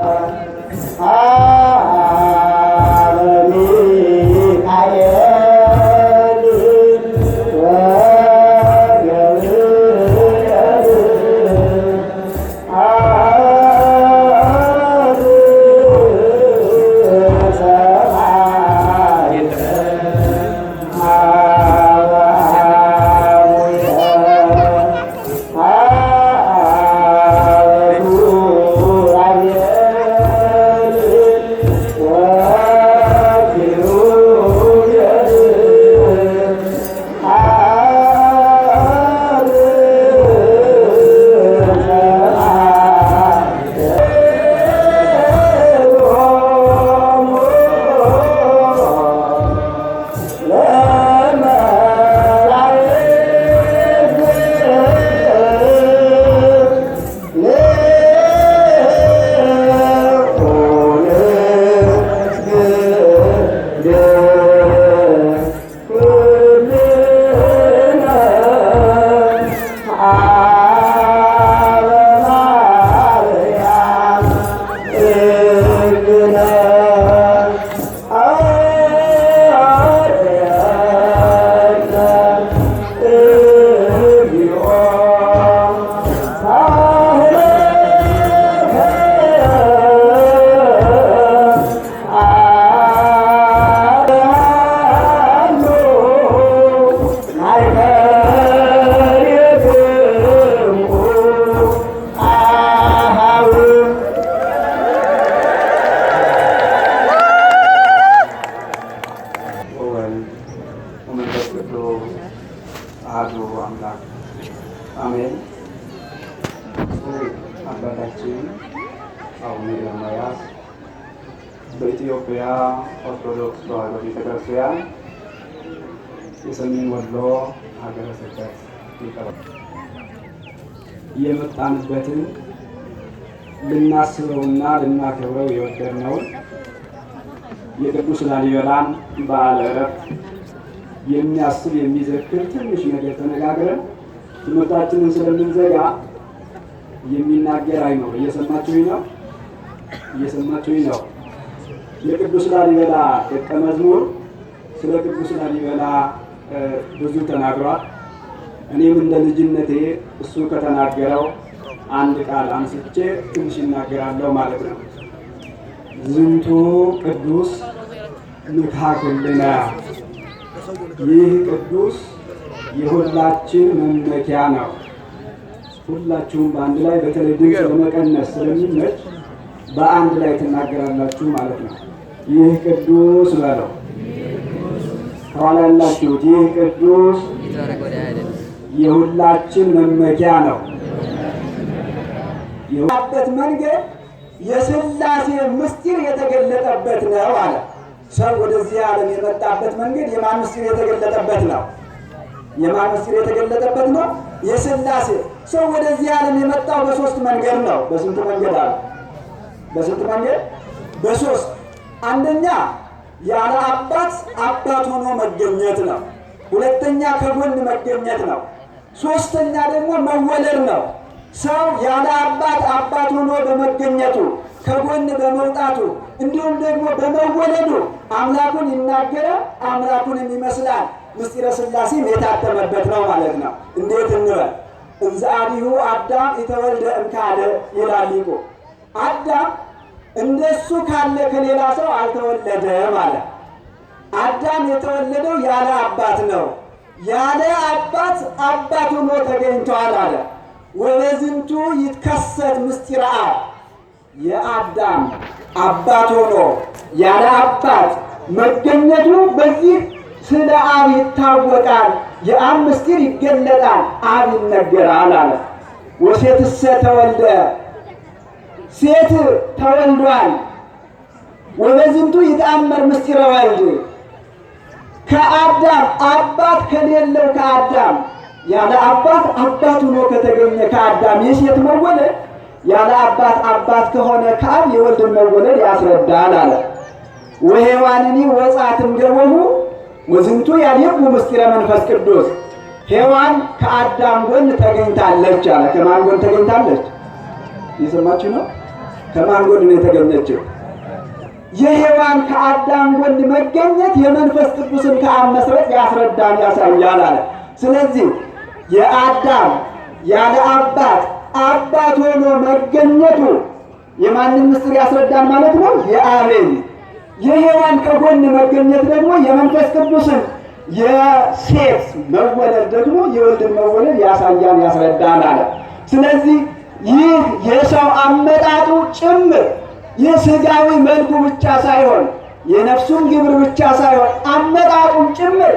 Ah! አባላት በኢትዮጵያ ኦርቶዶክስ ተዋሕዶ ቤተክርስቲያን የሰሜን ወሎ ሀገረ ስብከት ይቀራል። የመጣንበትን ልናስበውና ልናከብረው የወደድነውን የቅዱስ ላሊበላን በዓለ ዕረፍት የሚያስብ የሚዘክር ትንሽ ነገር ተነጋግረን ትምህርታችንን ስለምንዘጋ የሚናገር አይኖር። እየሰማችሁኝ ነው? እየሰማችሁኝ ነው። የቅዱስ ላሊበላ ደቀ መዝሙር ስለ ቅዱስ ላሊበላ ብዙ ተናግሯል። እኔም እንደ ልጅነቴ እሱ ከተናገረው አንድ ቃል አንስቼ ትንሽ ይናገራለሁ ማለት ነው። ዝንቱ ቅዱስ ምትሃክልና፣ ይህ ቅዱስ የሁላችን መመኪያ ነው። ሁላችሁም በአንድ ላይ በተለይ ድምፅ ለመቀነስ ስለሚመች በአንድ ላይ ትናገራላችሁ ማለት ነው። ይህ ቅዱስ በለው ከኋላ ያላችሁት ይህ ቅዱስ የሁላችን መመኪያ ነው። የበት መንገድ የሥላሴ ምስጢር የተገለጠበት ነው አለ። ሰው ወደዚህ ዓለም የመጣበት መንገድ የማን ምስጢር የተገለጠበት ነው? የማን ምስጢር የተገለጠበት ነው? የሥላሴ ሰው ወደዚህ ዓለም የመጣው በሶስት መንገድ ነው። በስንት መንገድ አለ? በስንት መንገድ? በሶስት አንደኛ ያለ አባት አባት ሆኖ መገኘት ነው። ሁለተኛ ከጎን መገኘት ነው። ሶስተኛ ደግሞ መወለድ ነው። ሰው ያለ አባት አባት ሆኖ በመገኘቱ ከጎን በመውጣቱ እንዲሁም ደግሞ በመወለዱ አምላኩን ይናገራል፣ አምላኩንም ይመስላል። ምስጢረ ሥላሴም የታተመበት ነው ማለት ነው። እንዴት እንበል? እንዘ አብዩ አዳም የተወልደ እምካለ ይላል ሊቁ አዳም እንደሱ ካለ ከሌላ ሰው አልተወለደም አለ። አዳም የተወለደው ያለ አባት ነው። ያለ አባት አባት ሆኖ ተገኝቷል አለ። ወበዝንቱ ይትከሰት ምስጢረ አብ የአዳም አባት ሆኖ ያለ አባት መገኘቱ በዚህ ስለ አብ ይታወቃል። የአብ ምስጢር ይገለጣል፣ አብ ይነገራል አለ። ወሴትሰ ተወልደ ሴት ተወልዷል። ወበዝንቱ ይተአመር ምስጢረ ወልድ ከአዳም አባት ከሌለው ከአዳም ያለ አባት አባት ሆኖ ከተገኘ ከአዳም የሴት መወለድ ያለ አባት አባት ከሆነ ከአብ የወልድ መወለድ ያስረዳል አለ። ወሔዋንኒ ወጻትም ገበሁ ወዝንቱ ያልየቡ ምስጢረ መንፈስ ቅዱስ ሔዋን ከአዳም ጎን ተገኝታለች አለ። ከማን ጎን ተገኝታለች? እየሰማችሁ ነው። ከማን ጎን ነው የተገኘችው? የሔዋን ከአዳም ጎን መገኘት የመንፈስ ቅዱስን ከአብ መስረጽ ያስረዳን ያሳያል አለ። ስለዚህ የአዳም ያለ አባት አባት ሆኖ መገኘቱ የማንን ምስጢር ያስረዳን ማለት ነው? የአቤል። የሔዋን ከጎን መገኘት ደግሞ የመንፈስ ቅዱስን የሴት መወለድ ደግሞ የወልድን መወለድ ያሳያን ያስረዳን አለ። ስለዚህ ይህ የሰው አመጣጡ ጭምር የስጋዊ መልኩ ብቻ ሳይሆን የነፍሱን ግብር ብቻ ሳይሆን አመጣጡን ጭምር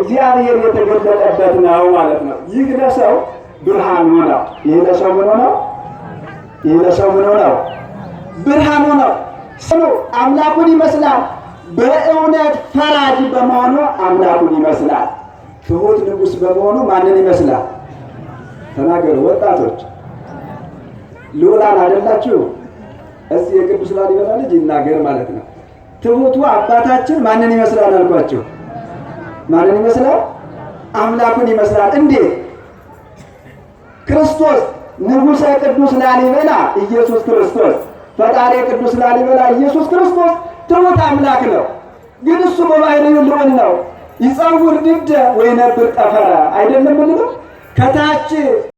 እግዚአብሔር የተገለጠበት ነው ማለት ነው። ይህ ለሰው ብርሃኑ ነው። ይህ ለሰው ምኑ ነው? ይህ ለሰው ምኑ ነው? ብርሃኑ ነው። ሰው አምላኩን ይመስላል። በእውነት ፈራጅ በመሆኑ አምላኩን ይመስላል። ትሑት ንጉሥ በመሆኑ ማንን ይመስላል? ተናገሩ ወጣቶች። ልዑላን አይደላችሁ? እስኪ የቅዱስ ላሊበላ ልጅ ይናገር ማለት ነው። ትሑቱ አባታችን ማንን ይመስላል አልኳቸው? ማንን ይመስላል? አምላኩን ይመስላል። እንዴት? ክርስቶስ ንጉሠ ቅዱስ ላሊበላ ኢየሱስ ክርስቶስ ፈጣሪ ቅዱስ ላሊበላ ኢየሱስ ክርስቶስ ትሑት አምላክ ነው። ግን እሱ በባህሪው ልዑል ነው። ይጸውር ድደ ነብር ጠፈረ አይደለም ምንለው ከታች